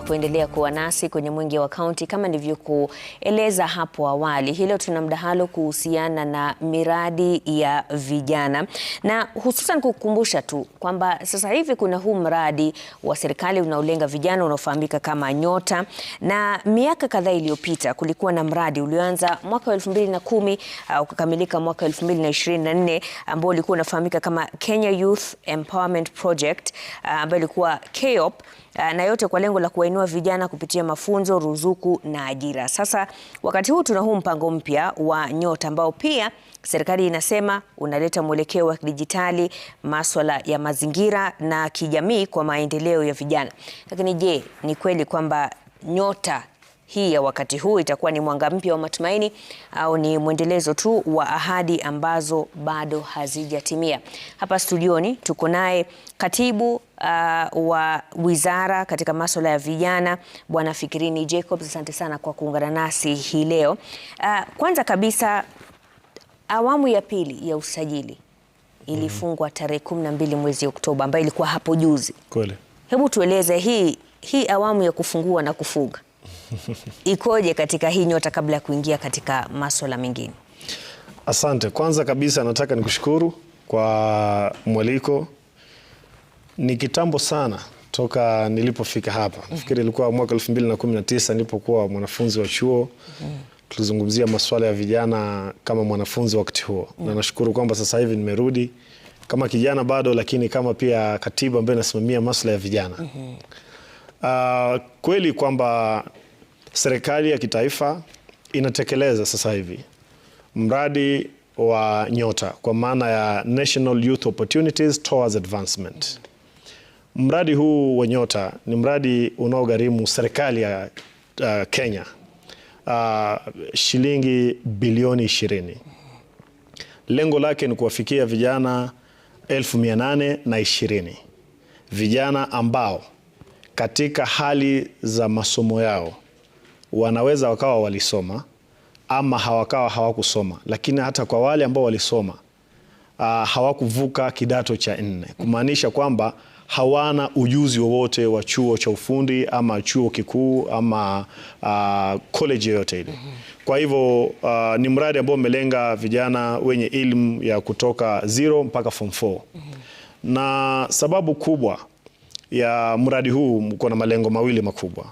kuendelea kuwa nasi kwenye Mwenge wa Kaunti. Kama nilivyokueleza hapo awali, hii leo tuna mdahalo kuhusiana na miradi ya vijana na hususan kukumbusha tu kwamba sasa hivi kuna huu mradi wa serikali unaolenga vijana unaofahamika kama Nyota, na miaka kadhaa iliyopita kulikuwa na mradi ulioanza mwaka 2010 ukakamilika mwaka 2024 ambao ulikuwa unafahamika kama Kenya Youth Empowerment Project ambayo ilikuwa KEOP. Eh, na yote kwa lengo la kuwainua vijana kupitia mafunzo, ruzuku na ajira. Sasa wakati huu tuna huu mpango mpya wa Nyota ambao pia serikali inasema unaleta mwelekeo wa kidijitali, maswala ya mazingira na kijamii kwa maendeleo ya vijana. Lakini je, ni kweli kwamba Nyota hii ya wakati huu itakuwa ni mwanga mpya wa matumaini au ni mwendelezo tu wa ahadi ambazo bado hazijatimia? Hapa studioni tuko naye katibu uh, wa wizara katika masuala ya vijana Bwana Fikirini Jacobs. Asante sana kwa kuungana nasi hii leo. Uh, kwanza kabisa awamu ya pili ya usajili ilifungwa mhm. tarehe 12 mwezi Oktoba, ambayo ilikuwa hapo juzi. Kweli. Hebu tueleze hii hii awamu ya kufungua na kufunga ikoje katika hii nyota kabla ya kuingia katika masuala mengine? Asante. Kwanza kabisa nataka nikushukuru kwa mwaliko. Ni kitambo sana toka nilipofika hapa, mhm. nafikiri ilikuwa mwaka 2019 nilipokuwa mwanafunzi wa chuo mhm. tulizungumzia masuala ya vijana kama mwanafunzi wakati huo mm. Na nashukuru kwamba sasa hivi nimerudi kama kijana bado, lakini kama pia katibu ambaye nasimamia masuala ya vijana mm -hmm. Uh, kweli kwamba serikali ya kitaifa inatekeleza sasa hivi mradi wa NYOTA kwa maana ya National Youth Opportunities Towards Advancement. Mradi huu wa NYOTA ni mradi unaogharimu serikali ya uh, Kenya uh, shilingi bilioni 20 Lengo lake ni kuwafikia vijana elfu mia nane na ishirini vijana ambao katika hali za masomo yao wanaweza wakawa walisoma ama hawakawa hawakusoma, lakini hata kwa wale ambao walisoma uh, hawakuvuka kidato cha nne, kumaanisha kwamba hawana ujuzi wowote wa chuo cha ufundi ama chuo kikuu ama uh, yoyote ile. Kwa hivyo uh, ni mradi ambao umelenga vijana wenye elimu ya kutoka zero mpaka form 4 na sababu kubwa ya mradi huu uko na malengo mawili makubwa.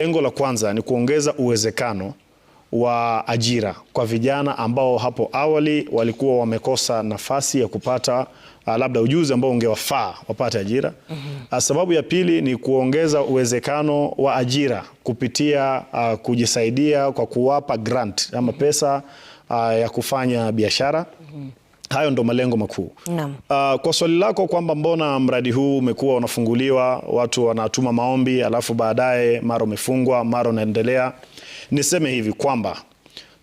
Lengo la kwanza ni kuongeza uwezekano wa ajira kwa vijana ambao hapo awali walikuwa wamekosa nafasi ya kupata uh, labda ujuzi ambao ungewafaa wapate ajira. mm -hmm. Sababu ya pili ni kuongeza uwezekano wa ajira kupitia uh, kujisaidia kwa kuwapa grant ama mhm. pesa uh, ya kufanya biashara. mm -hmm. Hayo ndo malengo makuu. Uh, kwa swali lako kwamba mbona mradi huu umekuwa unafunguliwa, watu wanatuma maombi alafu baadaye mara umefungwa mara unaendelea, niseme hivi kwamba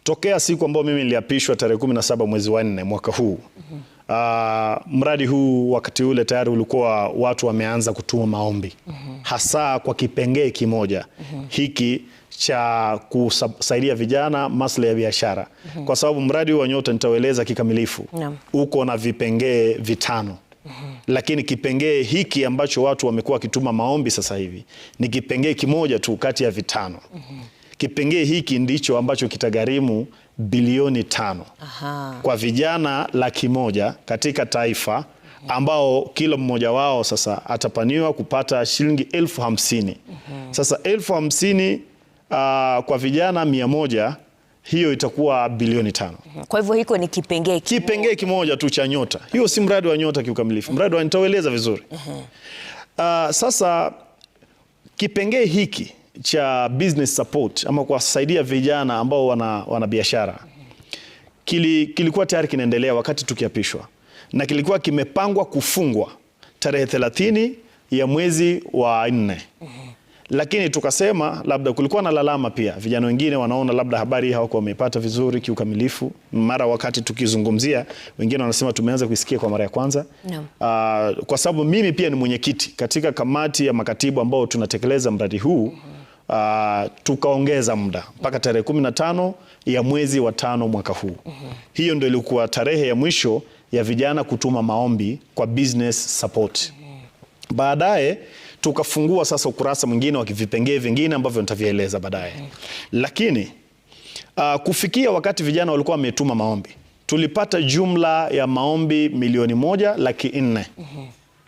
tokea siku ambayo mimi niliapishwa tarehe saba mwezi wa nne mwaka huu mm -hmm. uh, mradi huu wakati ule tayari ulikuwa watu wameanza kutuma maombi mm -hmm. hasa kwa kipengee kimoja mm -hmm. hiki cha kusaidia vijana masuala ya biashara mm -hmm. Kwa sababu mradi huu wa Nyota nitaueleza kikamilifu yeah. Uko na vipengee vitano mm -hmm. Lakini kipengee hiki ambacho watu wamekuwa wakituma maombi sasa hivi ni kipengee kimoja tu kati ya vitano mm -hmm. Kipengee hiki ndicho ambacho kitagharimu bilioni tano Aha. kwa vijana laki moja katika taifa mhm. ambao kila mmoja wao sasa atapaniwa kupata shilingi elfu hamsini. Mm -hmm. Sasa elfu hamsini uh, kwa vijana mia moja hiyo itakuwa bilioni tano. Kwa hivyo hiko ni kipengee kipengee kimoja tu cha nyota. Hiyo si mradi wa nyota kiukamilifu, mradi wa nitaueleza vizuri uh, sasa kipengee hiki cha business support ama kuwasaidia vijana ambao wana, wana biashara kili, kilikuwa tayari kinaendelea wakati tukiapishwa na kilikuwa kimepangwa kufungwa tarehe 30 ya mwezi wa nne. Mhm lakini tukasema labda kulikuwa na lalama pia, vijana wengine wanaona labda habari hii hawakuwa wameipata vizuri kiukamilifu. Mara wakati tukizungumzia, wengine wanasema tumeanza kuisikia kwa mara ya kwanza no. Uh, ah, kwa sababu mimi pia ni mwenyekiti katika kamati ya makatibu ambao tunatekeleza mradi huu mm -hmm. Uh, tukaongeza muda mpaka tarehe kumi na tano ya mwezi wa tano mwaka huu mm -hmm. Hiyo ndio ilikuwa tarehe ya mwisho ya vijana kutuma maombi kwa business support mm -hmm. Baadaye tukafungua sasa ukurasa mwingine wa vipengee vingine ambavyo nitavieleza baadaye. Mm. Lakini uh, kufikia wakati vijana walikuwa wametuma maombi, tulipata jumla ya maombi milioni moja laki nne mhm.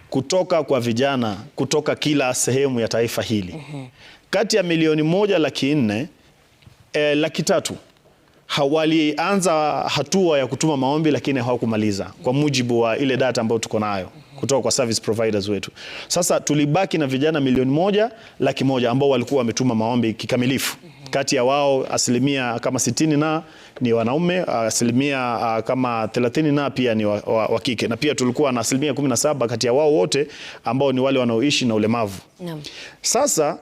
kutoka kwa vijana kutoka kila sehemu ya taifa hili. Mhm. Kati ya milioni moja laki nne eh, laki tatu walianza hatua ya kutuma maombi, lakini hawakumaliza kwa mhm. mujibu wa ile data ambayo tuko nayo kutoka kwa service providers wetu. Sasa tulibaki na vijana milioni moja laki moja ambao walikuwa wametuma maombi kikamilifu. Kati ya wao asilimia kama sitini na ni wanaume, asilimia ah, kama thelathini na pia ni wa, wa, wa kike, na pia tulikuwa na asilimia kumi na saba kati ya wao wote ambao ni wale wanaoishi na ulemavu. Sasa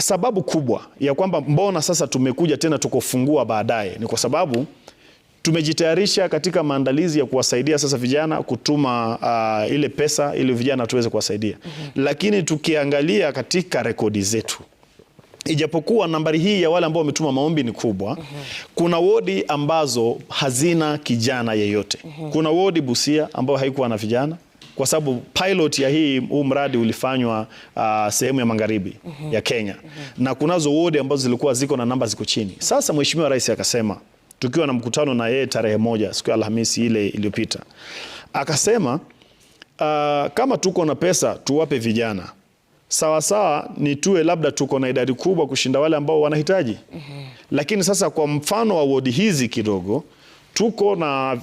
sababu kubwa ya kwamba mbona sasa tumekuja tena tukofungua baadaye ni kwa sababu Tumejitayarisha katika maandalizi ya kuwasaidia sasa vijana kutuma uh, ile pesa ili vijana tuweze kuwasaidia mm -hmm. Lakini tukiangalia katika rekodi zetu ijapokuwa nambari hii ya wale ambao wametuma maombi ni kubwa mm -hmm. Kuna wodi ambazo hazina kijana yeyote mm -hmm. Kuna wodi Busia ambayo haikuwa na vijana kwa sababu pilot ya hii huu mradi ulifanywa uh, sehemu ya magharibi mm -hmm. ya Kenya mm -hmm. na kunazo wodi ambazo zilikuwa ziko na namba ziko chini. Sasa Mheshimiwa Rais akasema tukiwa na mkutano na yeye tarehe moja siku ya Alhamisi ile iliyopita, akasema uh, kama tuko na pesa tuwape vijana sawasawa, ni tuwe labda tuko na idadi kubwa kushinda wale ambao wanahitaji mm -hmm. Lakini sasa kwa mfano wa wodi hizi kidogo tuko na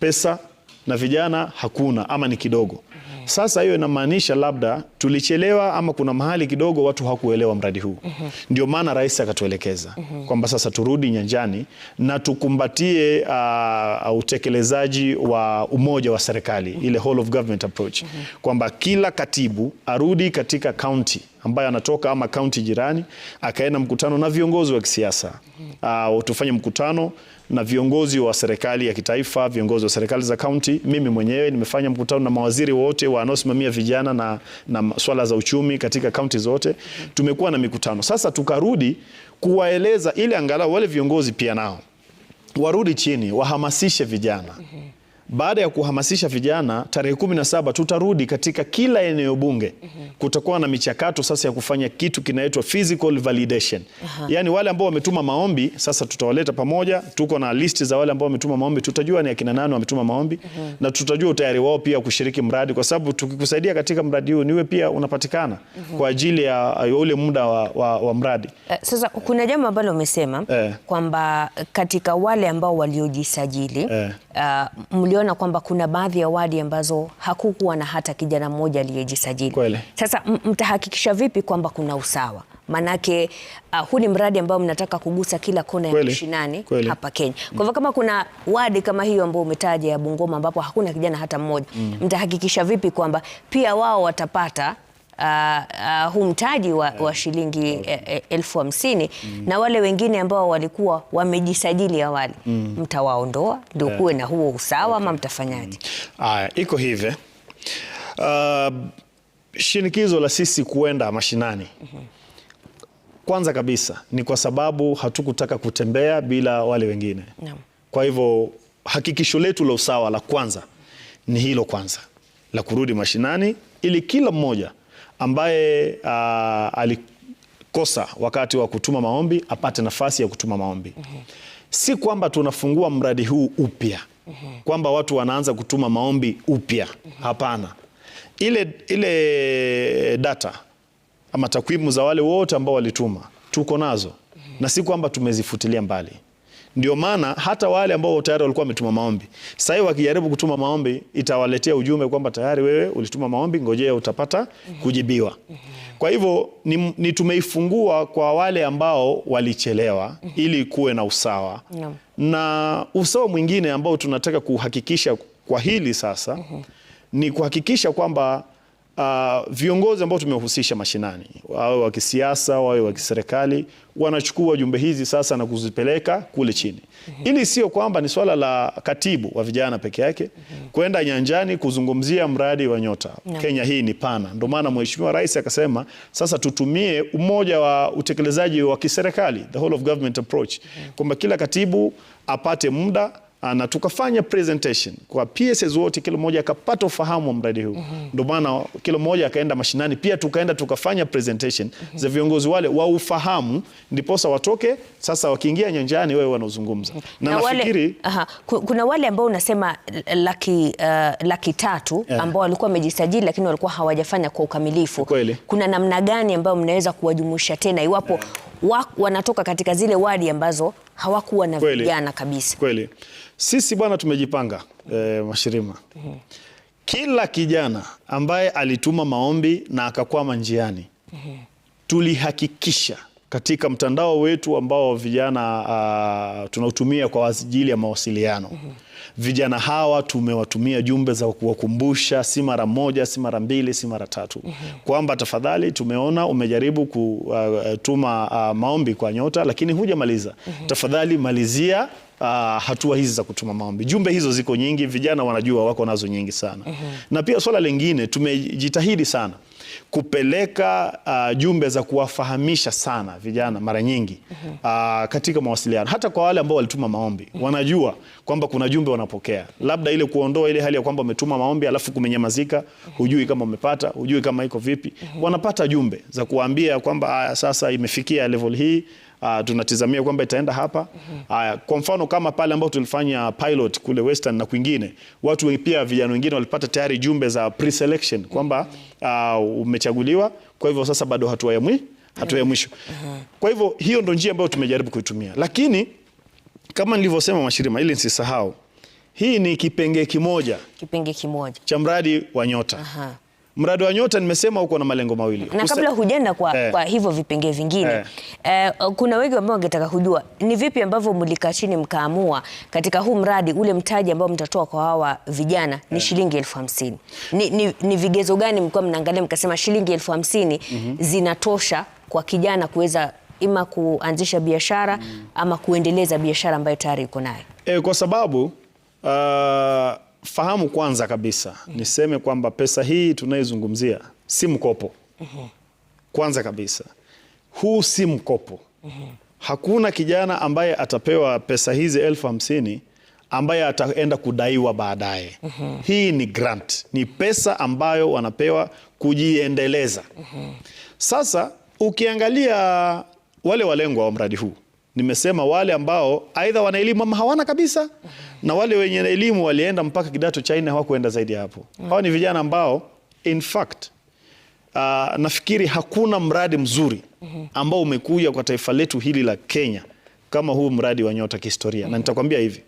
pesa na vijana hakuna ama ni kidogo sasa hiyo inamaanisha labda tulichelewa ama kuna mahali kidogo watu hawakuelewa mradi huu mm -hmm. Ndio maana rais akatuelekeza mm -hmm. kwamba sasa turudi nyanjani na tukumbatie uh, utekelezaji wa umoja wa serikali mm -hmm. ile whole of government approach mm -hmm. kwamba kila katibu arudi katika county ambaye anatoka ama kaunti jirani akaenda mkutano na viongozi wa kisiasa mm -hmm. uh, tufanye mkutano na viongozi wa serikali ya kitaifa, viongozi wa serikali za kaunti. Mimi mwenyewe nimefanya mkutano na mawaziri wote wanaosimamia vijana na, na swala za uchumi katika kaunti zote, tumekuwa na mikutano. Sasa tukarudi kuwaeleza ili angalau wale viongozi pia nao warudi chini wahamasishe vijana baada ya kuhamasisha vijana tarehe kumi na saba tutarudi katika kila eneo bunge. mm -hmm. Kutakuwa na michakato sasa ya kufanya kitu kinaitwa physical validation. -huh. Yani wale ambao wametuma maombi sasa tutawaleta pamoja, tuko na listi za wale ambao wametuma maombi, tutajua ni akina nani wametuma maombi. mm -hmm. Na tutajua utayari wao pia kushiriki mradi, kwa sababu tukikusaidia katika mradi huu niwe pia unapatikana mm -hmm. kwa ajili ya ule muda wa, wa, wa mradi. Uh, sasa kuna jambo ambalo umesema eh, kwamba katika wale ambao waliojisajili uh, uh, tuliona kwamba kuna baadhi ya wadi ambazo hakukuwa na hata kijana mmoja aliyejisajili. Sasa mtahakikisha vipi kwamba kuna usawa? Manake uh, huu ni mradi ambao mnataka kugusa kila kona ya mashinani hapa Kenya. Kwa hivyo kama kuna wadi kama hiyo ambayo umetaja ya Bungoma ambapo hakuna kijana hata mmoja, mm. mtahakikisha vipi kwamba pia wao watapata uh, uh, huu mtaji wa, eh. wa shilingi eh. e, e, elfu hamsini mm. na wale wengine ambao walikuwa wamejisajili awali mm. mtawaondoa ndio eh. kuwe na huo usawa ama okay. mtafanyaje? Mm. Aya, iko hivi uh, shinikizo la sisi kuenda mashinani mm -hmm. Kwanza kabisa ni kwa sababu hatukutaka kutembea bila wale wengine no. Kwa hivyo hakikisho letu la usawa la kwanza ni hilo kwanza la kurudi mashinani, ili kila mmoja ambaye uh, alikosa wakati wa kutuma maombi apate nafasi ya kutuma maombi. mm -hmm. Si kwamba tunafungua mradi huu upya mm -hmm. kwamba watu wanaanza kutuma maombi upya mm -hmm. Hapana, ile, ile data ama takwimu za wale wote ambao walituma tuko nazo mm -hmm. na si kwamba tumezifutilia mbali. Ndio maana hata wale ambao tayari walikuwa wametuma maombi sasa hivi wakijaribu kutuma maombi itawaletea ujumbe kwamba tayari wewe ulituma maombi, ngojea utapata kujibiwa. Kwa hivyo ni, ni tumeifungua kwa wale ambao walichelewa ili kuwe na usawa na usawa mwingine ambao tunataka kuhakikisha kwa hili sasa ni kuhakikisha kwamba uh, viongozi ambao tumewahusisha mashinani, wawe wa kisiasa, wawe wa kiserikali, wanachukua jumbe hizi sasa na kuzipeleka kule chini, mhm. ili sio kwamba ni swala la katibu wa vijana peke yake mhm. kwenda nyanjani kuzungumzia mradi wa nyota no. Kenya hii ni pana, ndio maana mheshimiwa rais akasema sasa tutumie umoja wa utekelezaji wa kiserikali, the whole of government approach, mhm. kwamba kila katibu apate muda Ah, na tukafanya presentation kwa PSS wote, kila mmoja akapata ufahamu wa mradi huu. Mhm. Ndio maana kila mmoja akaenda mashinani, pia tukaenda tukafanya presentation mhm. za viongozi wale wa ufahamu, ndiposa watoke sasa, wakiingia nyanjani wewe wanaozungumza mhm. na, na nafikiri wale, kuna wale ambao unasema laki, uh, laki tatu yeah, ambao walikuwa wamejisajili lakini walikuwa hawajafanya kwa ukamilifu. Kweli. Kuna namna gani ambayo mnaweza kuwajumuisha tena iwapo yeah, wa, wanatoka katika zile wadi ambazo hawakuwa na vijana kabisa. Kweli sisi bwana tumejipanga e, mashirima Kila kijana ambaye alituma maombi na akakwama njiani tulihakikisha katika mtandao wetu ambao vijana uh, tunautumia kwa ajili ya mawasiliano uhum vijana hawa tumewatumia jumbe za kuwakumbusha, si mara moja, si mara mbili, si mara tatu, mm -hmm. kwamba tafadhali, tumeona umejaribu kutuma uh, uh, maombi kwa Nyota lakini hujamaliza, mm -hmm. tafadhali malizia Uh, hatua hizi za kutuma maombi. Jumbe hizo ziko nyingi, vijana wanajua wako nazo nyingi sana. mm -hmm. Na pia swala lingine tumejitahidi sana kupeleka uh, jumbe za kuwafahamisha sana vijana mara nyingi uh, katika mawasiliano, hata kwa wale ambao walituma maombi mhm. wanajua kwamba kuna jumbe wanapokea, labda ile kuondoa ile hali ya kwamba umetuma maombi alafu kumenyamazika, mhm. hujui kama umepata, hujui kama iko vipi. Wanapata jumbe za kuambia kwamba sasa imefikia level hii uh, tunatizamia kwamba itaenda hapa mm -hmm. uh, kwa mfano kama pale ambapo tulifanya pilot kule Western na kwingine, watu pia vijana wengine walipata tayari jumbe za pre-selection kwamba uh, umechaguliwa, kwa hivyo sasa bado hatua ya mwi hatua ya mwisho. Kwa hivyo hiyo ndio njia ambayo tumejaribu kuitumia, lakini kama nilivyosema, Mashirima, ili nisisahau, hii ni kipenge kimoja, kipenge kimoja cha mradi wa Nyota. Aha. Mradi wa Nyota nimesema huko na malengo mawili. Na kabla hujenda kwa, eh, kwa hivyo vipengee vingine eh, eh, kuna wengi ambao wangetaka kujua ni vipi ambavyo mlikaa chini mkaamua katika huu mradi ule mtaji ambao mtatoa kwa hawa vijana ni eh, shilingi elfu hamsini. Ni, ni, ni vigezo gani mlikuwa mnaangalia mkasema shilingi elfu hamsini mm -hmm. zinatosha kwa kijana kuweza ima kuanzisha biashara mm -hmm. ama kuendeleza biashara ambayo tayari iko nayo eh, kwa sababu uh, fahamu kwanza kabisa mm. niseme kwamba pesa hii tunayozungumzia si mkopo mm -hmm. Kwanza kabisa huu si mkopo mm -hmm. Hakuna kijana ambaye atapewa pesa hizi elfu hamsini ambaye ataenda kudaiwa baadaye mm -hmm. Hii ni grant, ni pesa ambayo wanapewa kujiendeleza mm -hmm. Sasa ukiangalia wale walengwa wa mradi huu Nimesema wale ambao aidha wana elimu ama hawana kabisa, na wale wenye elimu walienda mpaka kidato cha nne, hawakuenda zaidi ya hapo. Hawa ni vijana ambao in fact uh, nafikiri hakuna mradi mzuri ambao umekuja kwa taifa letu hili la Kenya kama huu mradi wa nyota kihistoria. Na nitakwambia hivi,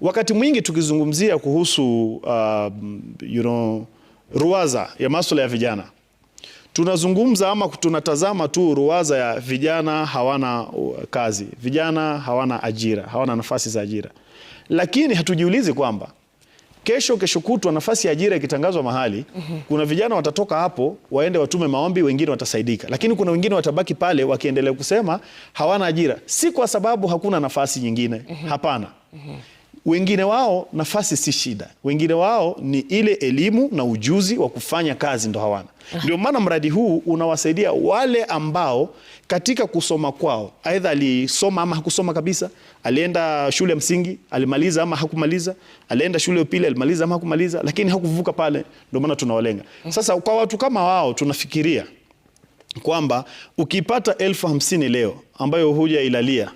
wakati mwingi tukizungumzia kuhusu uh, you know, ruwaza ya masuala ya vijana tunazungumza ama tunatazama tu ruwaza ya vijana hawana uh, kazi, vijana hawana ajira, hawana nafasi za ajira, lakini hatujiulizi kwamba kesho kesho kutwa nafasi ya ajira ikitangazwa mahali mm -hmm. Kuna vijana watatoka hapo waende watume maombi, wengine watasaidika, lakini kuna wengine watabaki pale wakiendelea kusema hawana ajira, si kwa sababu hakuna nafasi nyingine mm -hmm. Hapana mm -hmm. Wengine wao nafasi si shida, wengine wao ni ile elimu na ujuzi wa kufanya kazi ndo hawana. Ndio maana mradi huu unawasaidia wale ambao katika kusoma kwao aidha alisoma ama hakusoma kabisa, alienda shule ya msingi alimaliza ama hakumaliza, alienda shule ya pili alimaliza ama hakumaliza, lakini hakuvuka pale. Ndio maana tunawalenga sasa. Kwa watu kama wao tunafikiria kwamba ukipata elfu hamsini leo ambayo huja ilalia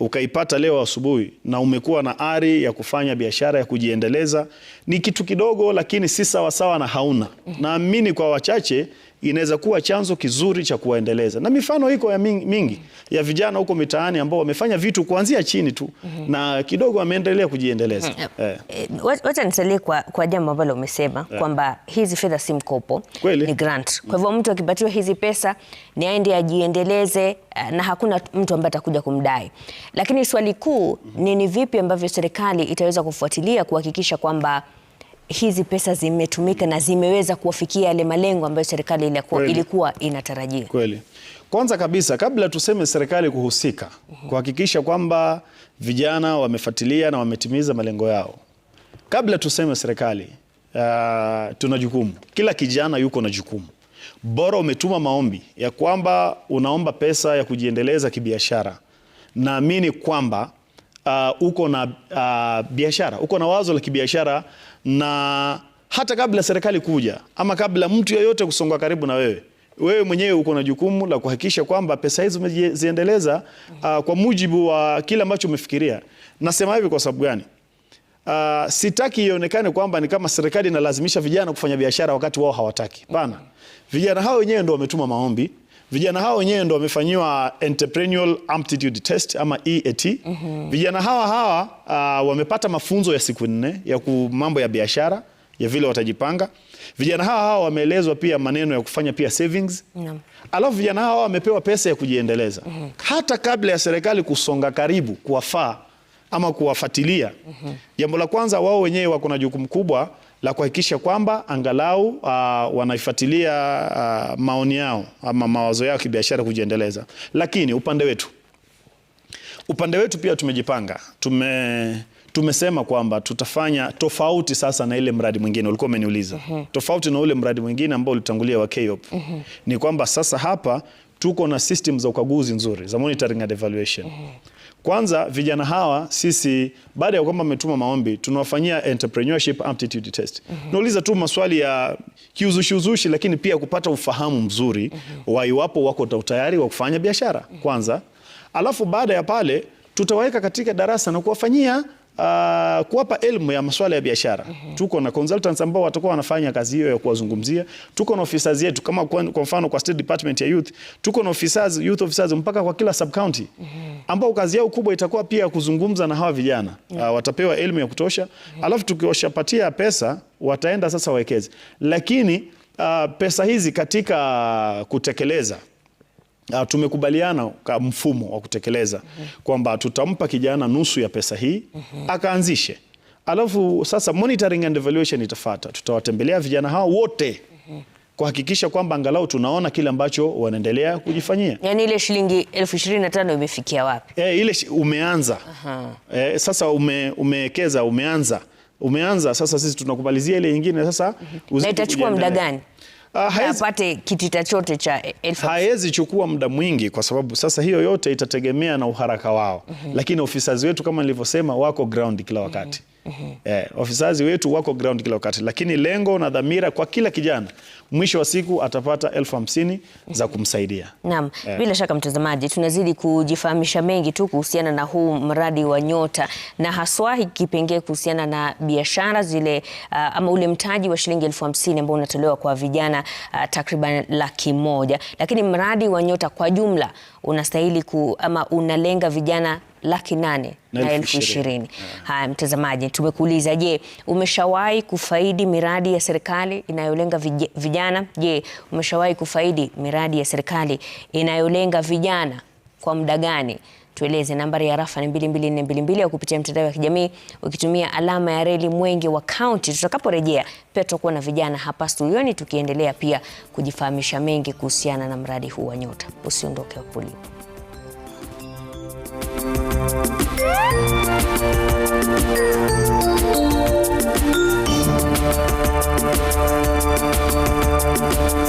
ukaipata leo asubuhi na umekuwa na ari ya kufanya biashara ya kujiendeleza, ni kitu kidogo, lakini si sawasawa na hauna. Mm. Naamini kwa wachache inaweza kuwa chanzo kizuri cha kuwaendeleza, na mifano iko ya mingi, ya vijana huko mitaani ambao wamefanya vitu kuanzia chini tu mm -hmm. na kidogo wameendelea kujiendeleza. yeah. Mhm. yeah. Wacha nisalie kwa, kwa jambo ambalo umesema yeah. kwamba hizi fedha si mkopo, ni grant. Kwa hivyo mm. mtu akipatiwa hizi pesa ni aende ajiendeleze, eh, na hakuna mtu ambaye atakuja kumdai. Lakini swali kuu mm -hmm. ni ni vipi ambavyo serikali itaweza kufuatilia kuhakikisha kwamba hizi pesa zimetumika na zimeweza kuwafikia yale malengo ambayo serikali ilikuwa, ilikuwa inatarajia? Kweli. Kwanza kabisa kabla tuseme serikali kuhusika, kuhakikisha kwamba vijana wamefuatilia na wametimiza malengo yao, kabla tuseme serikali uh, tuna jukumu. Kila kijana yuko na jukumu. Bora umetuma maombi ya kwamba unaomba pesa ya kujiendeleza kibiashara, naamini kwamba uh, uko na uh, biashara, uko na wazo la kibiashara na hata kabla serikali kuja ama kabla mtu yoyote kusonga karibu na wewe, wewe mwenyewe uko na jukumu la kuhakikisha kwamba pesa hizi umeziendeleza uh, kwa mujibu wa kile ambacho umefikiria. Nasema hivi kwa sababu gani? Uh, sitaki ionekane kwamba ni kama serikali inalazimisha vijana kufanya biashara wakati wao hawataki. Pana vijana hao wenyewe ndio wametuma maombi. Vijana hawa wenyewe ndo wamefanyiwa entrepreneurial aptitude test ama EAT. mm -hmm. Vijana hawa hawa uh, wamepata mafunzo ya siku nne ya mambo ya biashara ya vile watajipanga. Vijana hawa hawa wameelezwa pia maneno ya kufanya pia savings. mm. Alafu vijana hawa wamepewa pesa ya kujiendeleza. mm -hmm. Hata kabla ya serikali kusonga karibu kuwafaa ama kuwafatilia. mm -hmm. Jambo la kwanza, wao wenyewe wako na jukumu kubwa la kuhakikisha kwamba angalau uh, wanaifuatilia uh, maoni yao ama mawazo yao kibiashara kujiendeleza. Lakini upande wetu upande wetu pia tumejipanga, tume tumesema kwamba tutafanya tofauti sasa na ile mradi mwingine ulikuwa umeniuliza. uh -huh. Tofauti na ule mradi mwingine ambao ulitangulia wa KOP uh -huh. ni kwamba sasa hapa tuko na system za ukaguzi nzuri za monitoring and evaluation uh -huh. Kwanza vijana hawa sisi, baada ya kwamba ametuma maombi, tunawafanyia entrepreneurship aptitude test. mm -hmm. Nauliza tu maswali ya kiuzushiuzushi, lakini pia kupata ufahamu mzuri mm -hmm. wa iwapo wako tayari wa kufanya biashara mhm. kwanza, alafu baada ya pale tutawaweka katika darasa na kuwafanyia uh, kuwapa elimu ya masuala ya biashara mm -hmm. Tuko na consultants ambao watakuwa wanafanya kazi hiyo ya kuwazungumzia. Tuko na officers yetu kama kwa, kwa mfano kwa State Department ya Youth tuko na officers, youth officers mpaka kwa kila sub county mm -hmm. ambao kazi yao kubwa itakuwa pia kuzungumza na hawa vijana mm -hmm. uh, watapewa elimu ya kutosha mm -hmm. alafu tukiwashapatia pesa wataenda sasa wawekeze, lakini uh, pesa hizi katika kutekeleza Uh, tumekubaliana mfumo wa kutekeleza mm -hmm. kwamba tutampa kijana nusu ya pesa hii mm -hmm. akaanzishe, alafu sasa monitoring and evaluation itafata. Tutawatembelea vijana hao wote mm -hmm. kuhakikisha kwamba angalau tunaona kile ambacho wanaendelea kujifanyia. Yaani ile shilingi elfu ishirini na tano imefikia wapi? E, ile umeanza e, sasa ume, umewekeza umeanza umeanza, sasa sisi tunakubalizia ile nyingine sasa. mm -hmm. na itachukua muda gani? Uh, ah, haezi, apate kitita chote cha elfu. Haezi chukua muda mwingi kwa sababu sasa hiyo yote itategemea na uharaka wao. mm -hmm. Lakini ofisa wetu kama nilivyosema wako ground kila wakati. mm -hmm. Eh, ofisazi wetu wako ground kila wakati, lakini lengo na dhamira kwa kila kijana mwisho wa siku atapata elfu hamsini za kumsaidia. Naam, eh. Bila shaka mtazamaji, tunazidi kujifahamisha mengi tu kuhusiana na huu mradi wa Nyota na haswa hiki kipengee kuhusiana na biashara zile, uh, ama ule mtaji wa shilingi elfu hamsini ambao unatolewa kwa vijana uh, takriban laki moja, lakini mradi wa Nyota kwa jumla unastahili ku, ama unalenga vijana laki nane na elfu ishirini. Ah. Haya mtazamaji, tumekuuliza, je, umeshawahi kufaidi miradi ya serikali inayolenga vijana? Je, umeshawahi kufaidi miradi ya serikali inayolenga vijana? Kwa muda gani? Tueleze. Nambari ya rafa ni 22422 au kupitia mtandao wa kijamii ukitumia alama ya reli Mwenge wa Kaunti. Tutakaporejea pia tutakuwa na vijana hapa studioni tukiendelea pia kujifahamisha mengi kuhusiana na mradi huu wa Nyota. Usiondoke hapo ulipo. Thank